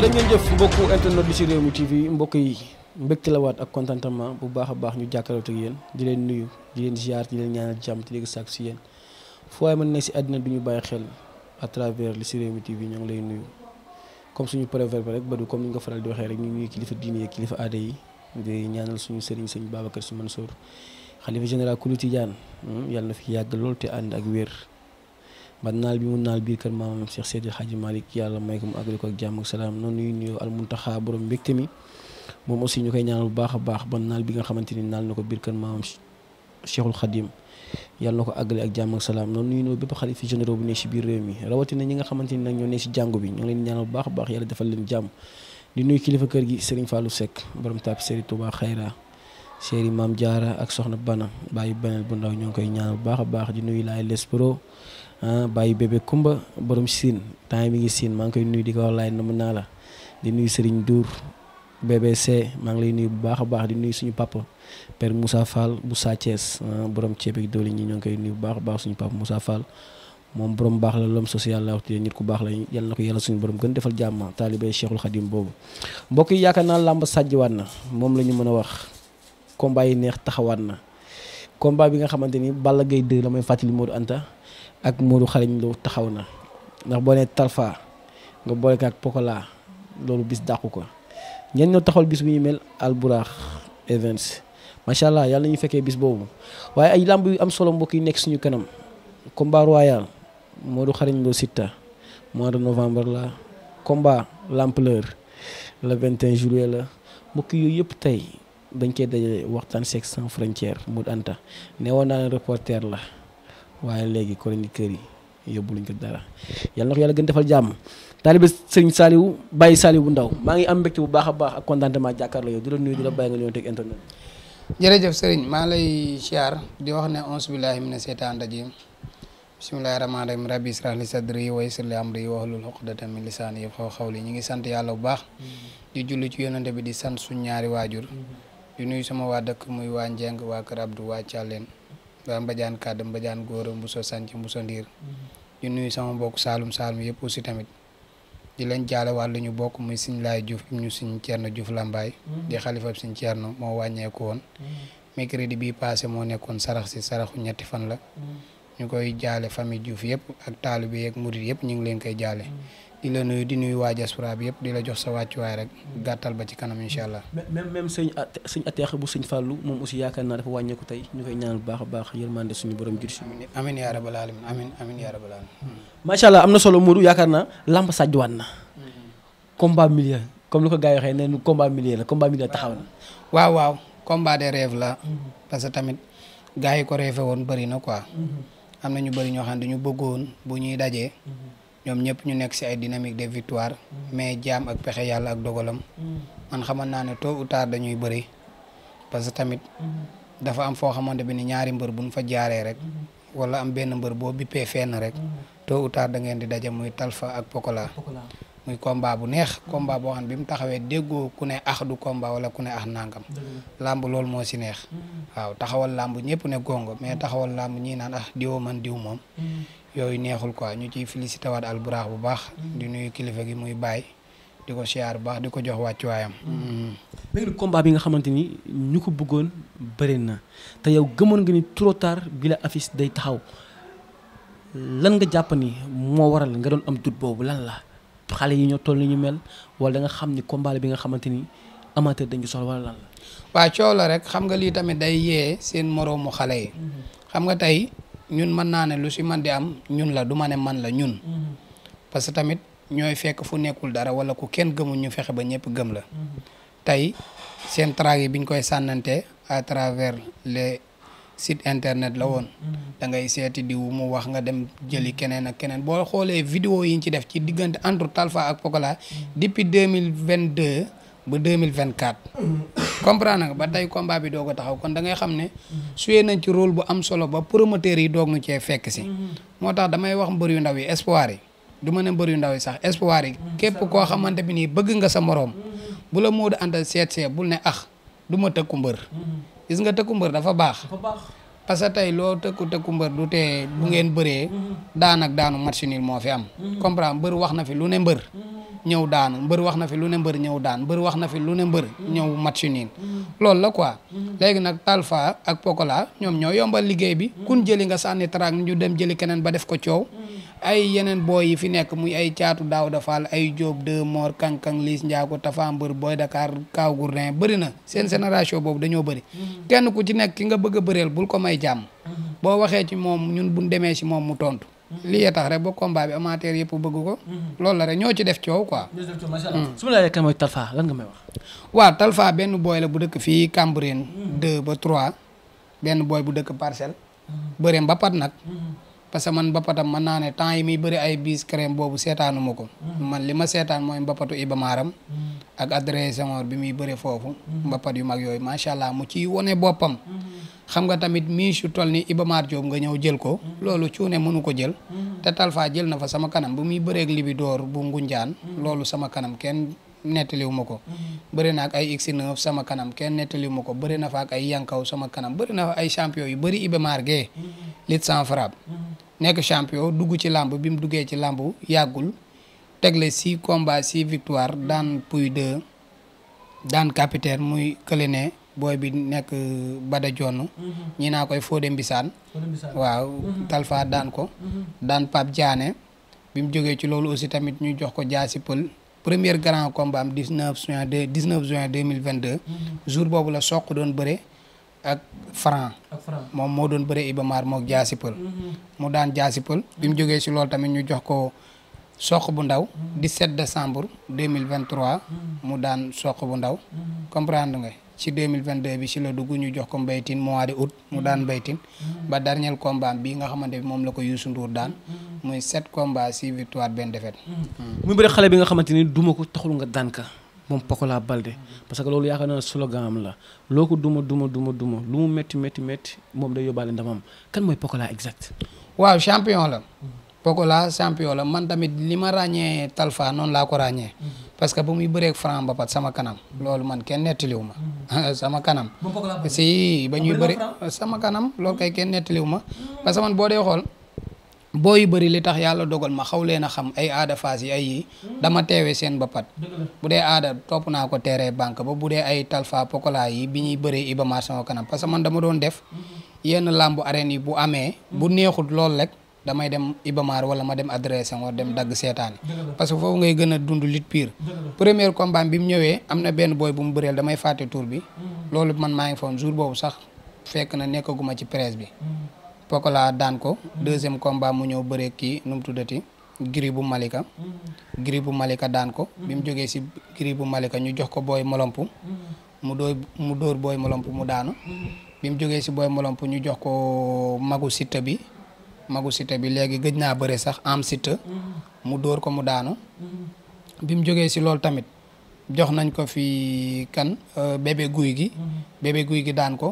jërë ngeen jëf mbokku internet bi ci réew mi TV mbokk yi mbëkk la waat ak contentement bu baax a baax ñu jàkkaarloo ak yéen di leen nuyu di leen ziar di leen ñaanal jàmm di leen sàkk ci yéen fu waaye mën nekk ci àddina bi ñu bàyyi xel à travers li ci réew mi TV ñoo ngi lay nuyu. comme suñu proverbe rek ba du comme ni nga faral di waxee rek ñu ngi kilifa diine kilifa aada yi di ñaanal suñu sëriñ sëñ Babacar Sy Mansour xalifa général kulu Tijaan hmm, yàlla na fi yàgg lool te ànd ak wér. ba naal bi mu naal biir kër maamam Cheikh Seydil Hadji Malick yàlla may ko mu àggale ko ak jàmm ak salaam noonu ñuy nuyoo al muntaxa borom mbégte moom aussi ñu koy ñaanal bu baax a baax ba naal bi nga xamante ni naal na ko biir kër maamam Cheikhul Khadim yàlla na ko àggale ak jàmm ak salaam noonu ñuy nuyoo bépp xalifa généraux bu ne si biir réew mi rawatina ñi nga xamante ni nag ñoo ne si jàngu bi ñoo ngi leen ñaanal bu baax a baax yàlla defal leen jàmm di nuyu kilifa kër gi Serigne Fallou Seck borom taab Serigne Touba Xayra Serigne Maam Jaara ak soxna Bana bàyyi beneen bu ndaw ñoo ngi koy ñaanal bu baax a baax di nuy laay Lespro Ah, bàyyi bébé Kumba borom siin temps mi ngi siin man ngi koy nuyu di ko wax laay namm naa la di nuyu Serigne duur BBC maa ngi lay nuyu bu baax a baax di nuyu suñu papa per musaa Fall bu Sa Thiès ah, borom ceeb ak doole ñi ñoo ngi koy nuy bu baax baax suñu papa Moussa Fall moom borom baax la l'homme social la waxtu nit ku baax la yàlla na ko yàlla suñu borom gën defal jàmm taalibe Cheikhul Khadim boobu mbokk yi yaakaar naa làmb sàjjiwaat na moom la ñu mën a wax combat yi neex taxawaat na combat bi nga xamante ni Balla Gaye 2 la fàttali Modou Anta ak Modou xarañ lu taxaw na ndax boo nee Talfa nga boole ko ak Pokola loolu bis dàqu ko ñenn ñoo taxawal bis bu ñu mel Alburax Events macha allah yàlla ñu fekkee bis boobu waaye ay làmb yu am solo mbokk yi nekk suñu kanam combat royal Modou xarañ loo Siteu mois de novembre la combat làmpleur le 21 juillet la mbokk yooyu yëpp tey dañ koy dajale waxtaan seeg sans frontière Modou Anta ne woon naa ne reporter la. waaye léegi chroniqueur yi yóbbu luñ ko dara yal na ko yàlla gën defal jàmm taalibe sëriñ Saliou bàyyi Saliou bu ndaw maa ngi am mbégte bu baax a baax ak contentement jàkkaarloo yow di la nuyu di la bàyyi nga ñëw teg internet jërëjëf sëriñ maa lay siyaar di wax ne ons billahi mina seytaan rajim bismillahi rahmaani rahim rabbi israh li sadri wa yassir li amri wahlul uqdatan min lisaani yafqahu qawli ñu ngi sant yàlla bu baax mm-hmm. di julli ci yonante bi di sant suñ ñaari waajur mm-hmm. di nuyu sama waa dëkk muy waa Njeng waa Kër Abdou waa Thialène daan mbajaan kàdd mbajaan a mbuso sànc mbuso ndiir mm-hmm. di nuyu sama mbokk saalum saalum yëpp aussi tamit di leen jaale waat lu ñu bokk muy siñ laay Diouf im ñu siñ Thierno Diouf Lambaay mm-hmm. di xalifab siñ Thierno moo wàññeeku woon mm-hmm. mercredi bi passé moo nekkoon sarax si saraxu ñetti fan la ñu koy jaale famille Diouf yëpp ak taalibe yeeg murit yëpp ñu leen koy jaale di la nuyu di nuyu waa diaspora bi yëpp di la jox sa wàccuwaay rek gàttal ba ci kanam incha allah. même même sëñ sëñ Ateex bu sëñ Fallou moom aussi yaakaar naa dafa wàññeeku tey ñu a baax yërmande suñu borom jur si. amiin yaa rabbal aalamiin amiin amiin yaa rabbal aalamiin. Hmm. macha am na solo Modou yaakaar naa làmb sàjjuwaat na. Hmm. combat milieu comme lu ko gars yi waxee ne combat milieu la combat milieu taxaw na. waaw waaw combat des rêves la. Hmm. parce que tamit gaa yi ko rêvé woon bëri na quoi. am na ñu bëri ñoo xam ne dañu bëggoon bu ñuy dajee ñoom ñëpp ñu nekk ci ay dynamique de victoire mais jaam ak pexe yàlla ak dogalam man xaman naa ne tôt ou tard dañuy bari parce que tamit dafa am foo xamante bi ni ñaari mbër bu buñ fa jaaree rek wala am benn mbër boo bippee fenn rek tôt ou tard da ngeen di daje muy tal fa ak Pokola muy combat bu neex combat boo xam ne bi mu taxawee déggoo ku ne ax du komba wala ku ne ax nangam làmb loolu moo si neex mm-hmm. waaw taxawal làmb ñëpp ne gongo mais taxawal làmb ñii naan ah man diw moom mm-hmm. yooyu neexul quoi ñu ciy félicité waat alburaax bu baax di nuyu kilifa gi muy bàyyi di ko siyaar bu baax di ko jox wàccuwaayam léegi mm-hmm. combat bi nga xamante ni ñu ko bëggoon bëri na te yow gëmoon nga ni trop tard bi la affiche day taxaw lan nga jàpp ni moo waral nga doon am dut boobu lan la xale yi ñoo toll ni ñu mel wala da nga xam ni combat bi nga xamante ni amateur dañu soxla wala lan la la rek xam nga lii tamit day yee seen moroomu xale yi mm-hmm. xam nga tey ñun mën naa ne lu si man di am ñun la du ma ne man la ñun. Mhm. parce que tamit ñooy fekk fu nekkul dara wala ku kenn gëmul ñu fexe ba ñëpp gëm la. Mhm. tey seen traag bi biñ koy sànnante à travers les sites internet la woon. Mhm. da ngay seeti diw mu wax nga dem jëli keneen ak keneen boo xoolee vidéo yi ñu ci def ci diggante entre Talfa ak Pokola. depuis deux mille vingt deux ba deux mille vingt quatre. comprendre nga ba tey combat bi doo ko taxaw kon da ngay xam ne. suyee nañ ci role bu am solo ba promoteur yi doog nu cee fekk si. moo tax damay wax mbër yu ndaw yi espoir yi du ma ne mbër yu ndaw yi sax espoir yi. képp koo xamante bi nii bëgg nga sa moroom. bu la Modou Anta seet see bul ne ax du ma tëkku mbër. gis nga tëkku mbër dafa baax. parce que tey loo tëkku tëkku mbër du tee bu ngeen bëree. Mm-hmm. daan daanu match nul moo fi am. Mm-hmm. comprendre wax na fi lu ne mbër. Mm-hmm. ñëw daanu mbër wax na fi lu ne mbër ñëw daan mbër wax na fi lu ne mbër ñëw match niin loolu la quoi léegi nag Talfa ak Pokola ñoom ñoo yombal liggéey bi kun jëli nga sànni traak ñu dem jëli keneen ba def ko coow ay yeneen booy yi fi nekk muy ay caatu daaw dafaal ay Jóob de Mor Kankang Liis Njaago Tafa Mbër Boy Dakar Kaaw Gourdin bëri na seen génération boobu dañoo bëri kenn ku ci nekk ki nga bëgg a bëreel bul ko may jàmm boo waxee ci moom ñun buñ demee si moom mu tontu lii ya tax rek ba combat bi amateur yëpp bëgg ko. Mhm. lool la rek ñoo ci def coow quoi. ñoo ci def coow macha allah. Mm. su ma laajee kan benn booy la bu dëkk fii Cambérène. 2 mm. ba 3 benn booy bu dëkk parcelle. Mm. bëre mbapat nag. parce que man mbapatam mën naa ne temps yi muy bëri ay bis crème boobu seetaanu ko. man li ma seetaan mooy mbapatu Ibamaaram. ak adresse bi muy bëri foofu. mbappat yu mag yooyu macha allah mu ciy wone boppam. xam nga tamit mii su toll ni Iba Mar Diop nga ñëw jël ko mm-hmm. loolu cuune mënu ko jël mm-hmm. te Talfa jël na fa sama kanam bu muy bëreeg Libidoor bu Ngunjaan mm-hmm. loolu sama kanam kenn nettaliwu ma ko bëri na ak ay x sama kanam kenn nettaliwu ma ko bëri na fa ak Yankaw sama kanam bëri na fa ay champion yu bëri Iba marge Gueye lit sans frappe nekk champion dugg ci làmb bi mu duggee ci làmb yàggul tegle six combats six victoire daan puy deux daan capitaine muy kële ne booy bi nekk Bada Jonn mhm. ñi naa koy Fodé Mbisaan waaw mhm. Talfa daan ko mhm. daan Pape Diané bi mu jógee ci loolu aussi tamit ñu jox ko jaasi pël premier grand combat am 19 juin 19 juin 2022 jour boobu la soq doon bëre ak Franc moom moo doon bëre Iba moo mook jaasi pël mu daan jaasi pël bi mu jógee ci loolu tamit ñu jox ko soq bu ndaw 17 décembre 2023 mu daan soq bu ndaw comprendre nga ci 2022 bi ci la dugg ñu jox ko mbaytin mois de août mu daan mbaytin ba dernier combat bi nga xamante bi moom la ko Youssou Ndour daan muy sept combat six victoire benn défaite mm. muy bëri xale bi nga xamante ni duma ko taxul nga daan ka moom Pokola Balde parce que loolu yaakaar naa slogan am la loo ko duma duma duma duma lu mu métti métti métti moom day yóbbaale ndamam kan mooy Pokola exact waaw champion la Pokola champion la man tamit li ma ràññee Talfa noonu laa ko ràññee. Mhm. parce que ba muy bëreeg Franc mbapat sama kanam. loolu man kenn nettaliw ma. Mhm. sama kanam. si ba ñuy bëri sama kanam loolu kay kenn ma. Mhm. parce que boo dee xool boo yu bëri li tax yàlla dogal ma xaw leen a xam ay aada faas yi ay yi dama teewee seen mbapat. bu dee aada topp naa ko terrain banque ba bu dee ay Talfa Pokola yi bi ñuy bëree Ibamaar sama kanam parce que man dama doon def. yenn làmbu arène yi bu amee. bu neexut loolu rek. damay dem Ibamaar wala ma dem adresse wala dem dagg seetaani parce que foofu ngay gën a dund lit pire premier combat bi mu ñëwee am na benn booy bu mu bëreel damay fàtte tour bi mm-hmm. loolu man maa ngi foon jour boobu sax fekk na nekkaguma ci presse bi mm-hmm. Pokola daan ko mm-hmm. deuxième combat mu ñëw bëree kii nu mu tuddati giri bu Malika giri bu Malika daan ko bi mu jógee si giri bu Malika ñu jox ko booy molomp mu dóor mu dóor booy molomp mu daanu bi mu jógee si booy molomp ñu jox ko magu sitta bi magu Siteu bi léegi gëj naa bëre sax am Siteu mu dóor ko mu daanu bi mu jógee si loolu tamit jox nañ ko fi kan euh, bébé guy gi bébé guy gi daan ko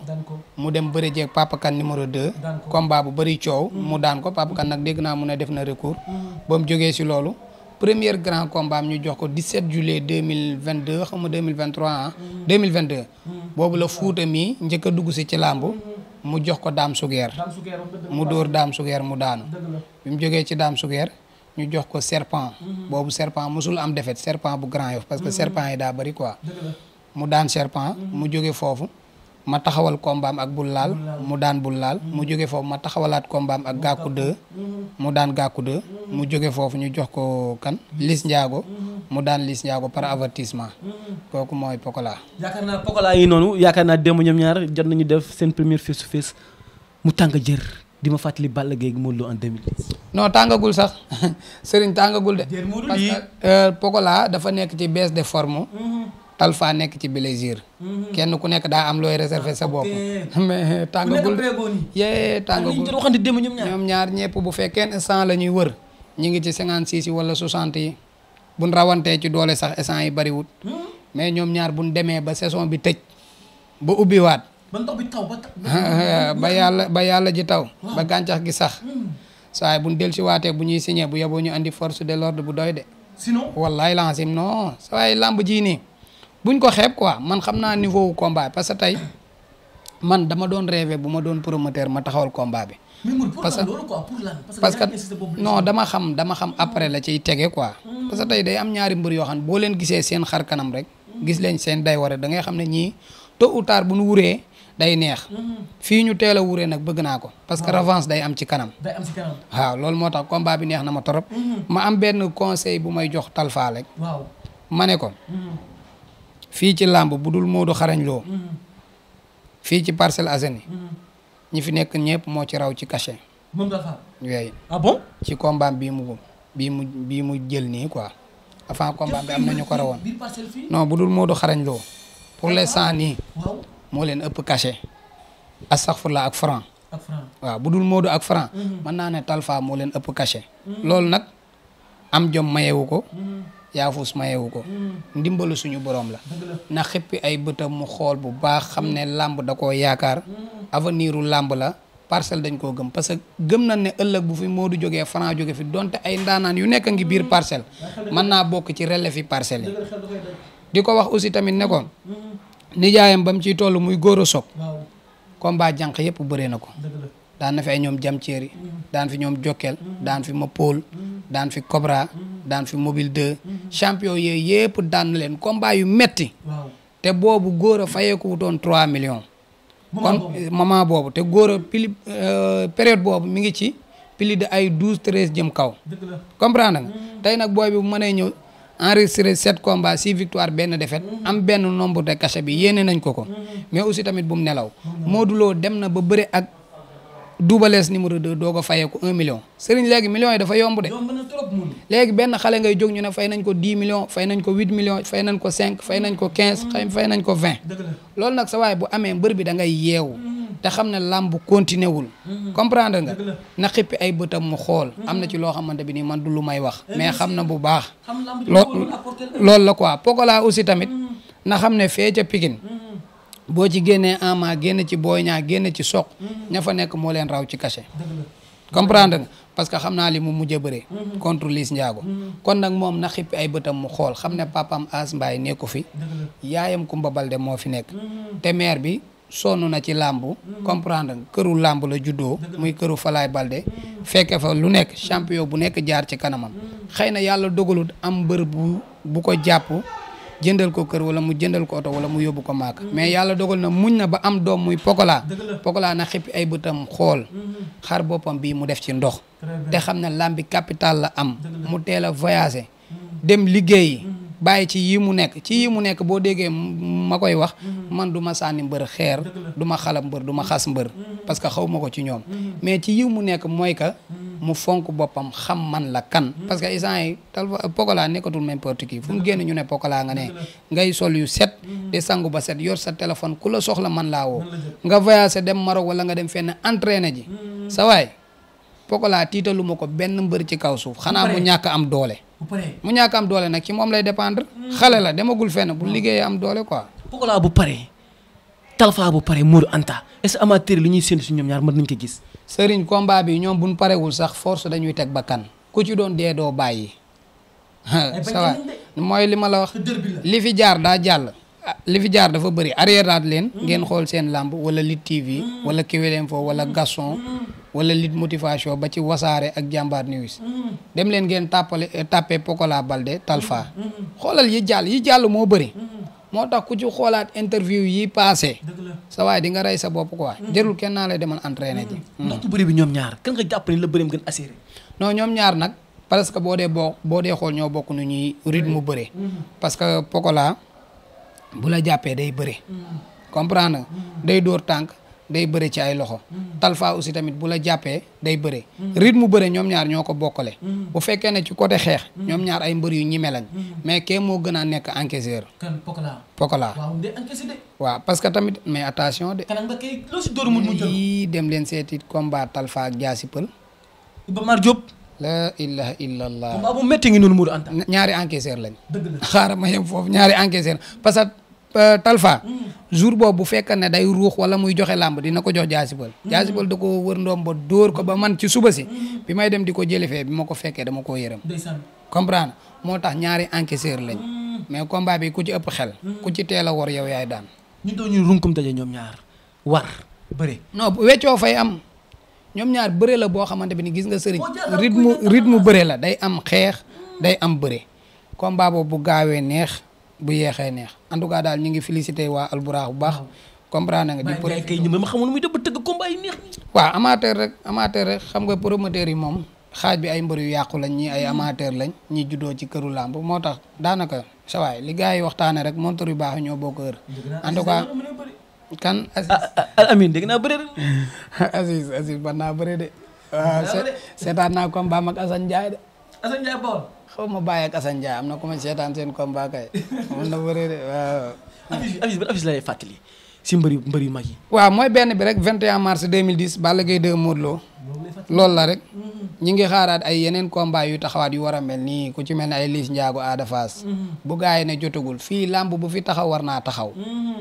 mu dem bëri jeeg papa kan numéro 2 combat bu bëri coow mm. mu daan ko papa kan nag dégg naa mun a def na recours mm. ba mu jógee si loolu premier grand combat am ñu jox ko deux 17 juillet 2022 xam nga 2023 ah 2022 mm. boobu la fuuta mii njëkk a dugg si ci làmb mu jox ko daam sugeer mu dóor daam sugeer mu daanu bi mu jógee ci daam sugeer ñu jox ko serpent mhm. boobu serpent mosul am defet serpent bu Grand Yoff parce que mhm. serpent yi daa bëri quoi mu daan serpent mhm. mu jóge foofu ma taxawal kombaam ak bul laal mu daan bul laal mm-hmm. mu jóge foofu ma taxawalaat kombaam ak gàkku dë mm-hmm. mu daan gàkku dë mm-hmm. mu jóge foofu ñu jox ko kan Liss Ndiago mu daan Liss Ndiago par avertissement kooku mooy Pokola. yaakaar naa Pokola yi noonu yaakaar naa démb ñoom ñaar jot nañu def seen première face to face mu tàng jër di ma fàttali Balla Gaye ak Modou Lo en 2010. non tàngagul sax Serigne tàngagul de. parce que euh, Pokola dafa nekk ci baisse de forme. fa nekk ci Plaisir. Mhm. kenn ku nekk daa am looy réserver sa bopp. Ah, mais eh, tàngagul yee tàngagul ñoom ñaar ñëpp bu fekkee instant la ñuy wër ñu ngi ci cinquante six yi wala soixante yi buñ rawantee ci doole sax instant yi bariwut hmm? mais ñoom ñaar buñ demee ba saison bi tëj ba ubbiwaat. ba ba yàlla ba yàlla ji taw. ba gàncax gi sax. Hmm. saay bu ñu dellu si waatee bu ñuy siñee bu yeboo ñu indi force de l'ordre bu doy de. wallaay lancim non. saay lamb ji nii. buñ ko xeeb quoi man xam naa niveau wu combat parce que tey man dama doon rêvé bu ma doon promoteur ma taxawal combat bi. parce que parce que non dama xam dama xam après la ciy tege quoi. Hmm. parce tey day am ñaari mbër yoo xam ne boo leen gisee seen xar kanam rek. Hmm. gis leen seen day da ngay xam ne ñii tôt ou bu nu wuree day neex. Hmm. fii ñu teel a wuree nag bëgg naa ko. parce que revanche day am ci kanam. day am waaw loolu moo tax combat bi neex na ma torop ma am benn conseil bu may jox talfa rek. ma ne ko. fii ci làmb bu dul moodo Xarañ Lo mm-hmm. fii ci Parcelles Assainies mm-hmm. ñi fi nekk ñëpp moo ci raw ci cachet. moom ah ci combat bii mu mu bii mu jël nii quoi avant combat bi am na ñu ko rawoon non bu dul Modou Xarañ Lo pour l'instant nii moo leen ëpp cachet astaghfirullah ak franc ak franc waaw bu dul moodo ak franc mm-hmm. mën naa ne Talfa moo leen ëpp cachet loolu nag am jom mayewu ko yaafus mayewu ko ndimbalu suñu borom la na xëppi ay bëtam mu xool bu baax xam ne làmb da ko yaakaar mm. aveniru làmb la parcelle dañ koo gëm parce que gëm na ne ëllëg bu fi moo du jógee fanaa jóge fi donte ay ndaanaan yu nekk ngi biir mm. parcelle mën naa bokk ci relève yi parcelle yi di ko wax aussi tamit nekkoon mm. nijaayam ba mu ciy toll muy góor a soog combat jànq yëpp bëree na ko daan na fi ay ñoom jam ceeri daan fi ñoom Jokkel daan fi Mapol daan fi Cobra daan fi Mobile 2 champion yooyu yëpp daan na leen combat yu metti te boobu góor a fayeeku wutoon 3 millions. kon eh, moment boobu te góor a pili euh, période boobu mi ngi ci pili de ay 12 13 jëm kaw. comprendre nga mm. tey nag booy bi bu mënee ñëw enregistré 7 combats 6 victoire benn défaite mm. am benn nombre de cachet bi yéene nañ ko ko mm. mais aussi tamit bu nelaw. Modou Lo ba bëre duubalees numéro 2 doog a fayee ko 1 million sëriñ léegi millions yi dafa yomb de. yomb léegi benn xale ngay jóg ñu ne fay nañ ko 10 million fay nañ ko 8 millions fay nañ ko 5 fay nañ ko 15 xay fay nañ ko 20. Mm. dëgg loolu nag sawaay bu amee mbër bi da ngay yeewu. Mm. te xam ne làmb continué wul. Mm. comprendre nga na xippi ay bëtam mu xool. am na ci loo xamante bi nii man du lu may wax. Eh, mais xam na bu baax. loolu la quoi laa aussi tamit. na xam ne fee ca pikin boo ci génnee Ama génn ci Boy Niang génn ci Sokh mm-hmm. ña fa nekk moo leen raw ci cachet comprendre nga parce que xam naa li mu mujj bëree mm-hmm. contre Liss Ndiago mm-hmm. kon nag moom na xippi ay bëtam mu xool xam ne papam As Mbaye nekku fi yaayam Kumba Balde moo fi nekk te maire bi sonn na ci làmb comprendre nga këru làmb la juddoo muy këru Falaay Balde fekke fa lu nekk champion bu nekk jaar ci kanamam xëy na yàlla dogalut am mbër bu bu ko jàpp jëndal ko kër wala mu jëndal ko oto wala mu yóbbu ko maaka mais yàlla dogal na muñ na ba am doom muy pokola pokola na xippi ay bëtam xool mm-hmm. xar boppam bii mu def ci ndox te xam ne làmbi capital la am mu teel a voyager mm-hmm. dem liggéeyi mm-hmm. bàyyi ci yi mu nekk ci yi mu nekk boo déggee ma koy wax man du ma sànni mbër xeer du ma xalab mbër duma xas mbër parce que xaw ma ko ci ñoom mais ci yi mu nekk mooy mu fonk boppam xam man la kan parce que instant yi Talfa Pokola nekkatul n'importe qui fu mu génn ñu ne Pokola nga ne ngay sol yu set di sangu ba set yor sa téléphone ku la soxla man laa wo nga voyagé dem Maroc wala nga dem fenn entraîné ji sa waay Pokola tiitalu ma ko benn mbër ci kaw suuf xanaa mu ñàkk am doole mu ñàkk am doole nag ci moom lay dépendre xale la demagul fenn bu mm. liggéey am doole quoi Pokola bu pare talfa bu pare Mourou Anta est ce amateur li ñuy séntu si ñoom ñaar mën nañ ko gis. Serigne combat bi ñoom buñ parewul sax force dañuy teg bakkan ku ci doon dee doo bàyyi. ça mooy li ma la wax li fi jaar daa jàll. Ah, li fi jaar dafa bëri arrière leen. Mm. ngeen xool seen làmb wala Lutte TV. Mm. wala Kewel Info wala mm. Gaston. wala Lutte Motivation ba ci wasaare ak jàmbaar news. dem leen ngeen tàppale tàppee Pokola Balde Talfa. xoolal yi jàll yi jàll moo bëri. moo tax ku ci xoolaat interview yi passé sa waay di nga rey sa bopp quoi. Mm. jërul kenn naa lay demal entraîné ji. Mm. Mm. ndax ku bi ñoom ñaar kan nga jàpp ni la bëreem gën assuré. non ñoom ñaar nag parce que boo dee boo boo dee xool ñoo bokk nu ñuy rythme bëre. parce que Pokola bu la jàppee day bëre. comprendre day dóor tànk. day bëre ci ay loxo mm. talfa aussi tamit bu la jàppee day bëre mm. rythme bëre ñoom ñaar ñoo ko bokkale mm. bu fekkee ne ci côté xeex ñoom ñaar ay mbër yu ñime lañ mais kee moo gën a nekk encaisseur kan pokola que tamit mais attention de yii dem leen seeti combat talfa ak jaasi pël Iba Mar la ilaha illallah combat bu métti ngi noonu Modou Anta lañ xaaral ma foofu ñaari encaisseur parce que euh, jour boobu bu fekkee ne day ruux wala muy joxe làmb dina ko jox jaasibal mm-hmm. jaasibal da ko wër ndoom ba dóor ko ba man ci suba si mm-hmm. bi may dem di ko jëli fee bi ma ko fekkee dama koo yërëm comprendre moo tax ñaari encaisseur lañ mm-hmm. mais combat bi ku ci ëpp xel ku ci teel a war yow yaay daan ñu doo ñu runkum daje ñoom ñaar war bëre non weccoo fay am ñoom ñaar bëre la boo xamante bi ni gis nga sëriñ rythme rythme bëre la day am xeex day am bëre combat boobu bu gaawee neex bu yeexee neex en tout cas daal ñu ngi félicité waa Alburaax bu baax. comprendre nga di. profité waaw xamul muy dëbb tëgg combat yu neex. waaw amateur amateur rek xam nga promoteur yi moom xaaj bi ay mbër yu yàqu lañ ñii ay hmm. amateur lañ ñi juddoo ci këru làmb moo tax daanaka sa waay li gars yi waxtaanee rek monteur yu baax ñoo boo heure. en tout cas kan. Ah, ah, ah, Amin dégg naa bëre de. Aziz Aziz ban naa bëre de. waaw seetaan naa combat ak Assane Ndiaye de. Assane xaw ma bàyyi ak Assane Ndiaye am na ku ma seetaan seen combat kay waaw. affiche lay fàttali si mbër yu mbër yu mag yi. waaw mooy benn bi rek 21 mars 2010 Balla Gaye 2 Modou Lo. loolu la rek ñi ngi xaaraat ay yeneen combat yu taxawaat yu war a mel nii ku ci mel ne ay liis njaago aada faas bu gaay ne jotagul fii lamb bu fi taxaw war naa taxaw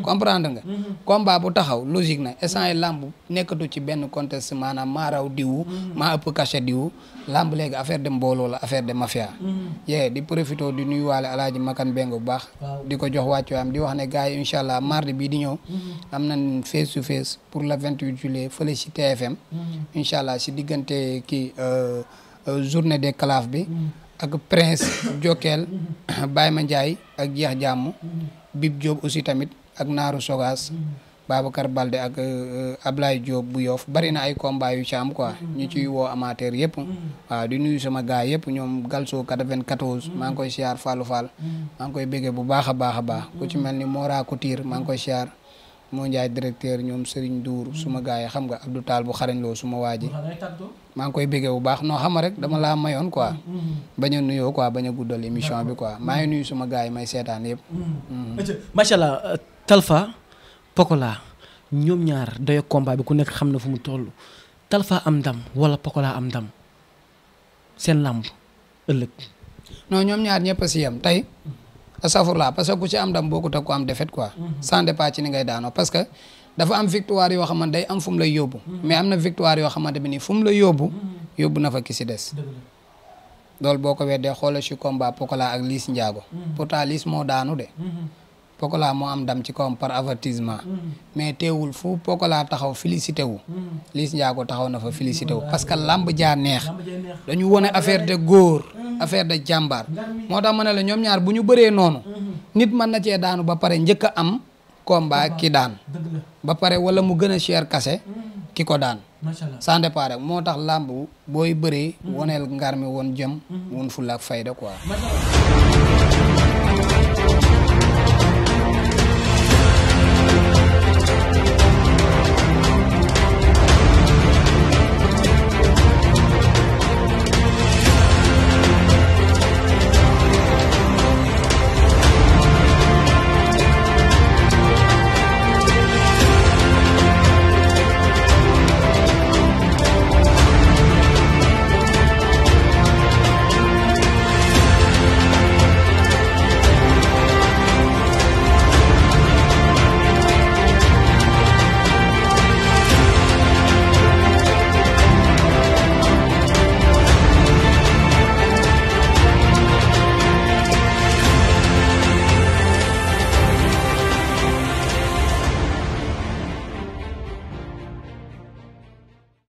comprendre nga combat bu taxaw logique na instant yi lamb nekkatu ci benn contexte maanaam maa raw diwu maa ëpp cachet diwu lamb léegi affaire de mbooloo la affaire de mafia yee di profité di nuyuwaale alaaji makan beng bu baax di ko jox wàccuwaam di wax ne gars yi incha allah mardi bii di ñëw mm-hmm. am nañ pour le 28 juillet fële ci TFM mm-hmm. si diggante kii euh, euh, journée de calaf bi ak prince Jokeel Baye Ma Ndiaye ak Jeex Jàmm Bib Diop aussi tamit ak Naaru Sogaas Babacar Balde ak euh, Ablaye Diop bu yoof bari na ay combat yu ci am quoi ñu ciy woo amateur yëpp waaw di nuyu sama gars yëpp ñoom Galso 94 maa ngi koy siyaar Fallou Fall maa ngi koy béggee bu baax a baax baax ku ci mel ni Mora Couture maa ngi koy siyaar moo njaay directeur ñoom Serigne Dour suma gars yi xam nga ak du taal bu xarañ loo suma waa ji maa ngi koy béggee bu baax noo xama rek dama laa mayoon quoi bañ a nuyoo quoi bañ a guddal émission bi quoi maa ngi nuyu suma gars may seetaan yëpp mm-hmm. macha allah euh, Talfa Pokola ñoom ñaar doyo combat bi ku nekk xam na fu mu toll Talfa am ndam wala Pokola am ndam seen làmb ëllëg non ñoom ñaar ñëpp si yam tey astafurlah parce que ku ci am ndam bokkut ak ku am défaite quoi. Mhm. sans ci ni ngay daanoo parce que dafa am victoire yoo xamante day am fu mu lay yóbbu. Mhm. mais am na victoire yoo xamante bi nii fu la yóbbu. Mhm. yóbbu na fa des. loolu boo ko weddee xoolal ci combat Pokola ak Liss Ndiago. pourtant Liss moo daanu de. Pokola moo am ndam ci kawam par avertissement. mais teewul fu Pokola taxaw félicité wu. Liss Ndiago taxaw na fa félicité wu parce que lamb jaa neex. dañu wone affaire de góor. Mm. affaire de jàmbaar. moo tax ma ne la ñoom ñaar bu ñu bëree noonu. Mm-hmm. nit man na cee daanu ba pare njëkk a am. combat ki daan. ba pare wala mu gën a cher kase. Mm. ki ko daan. sans départ moo tax làmb booy bëree. Mm. woneel ngar woon jëm. woon fulla ak fayda quoi.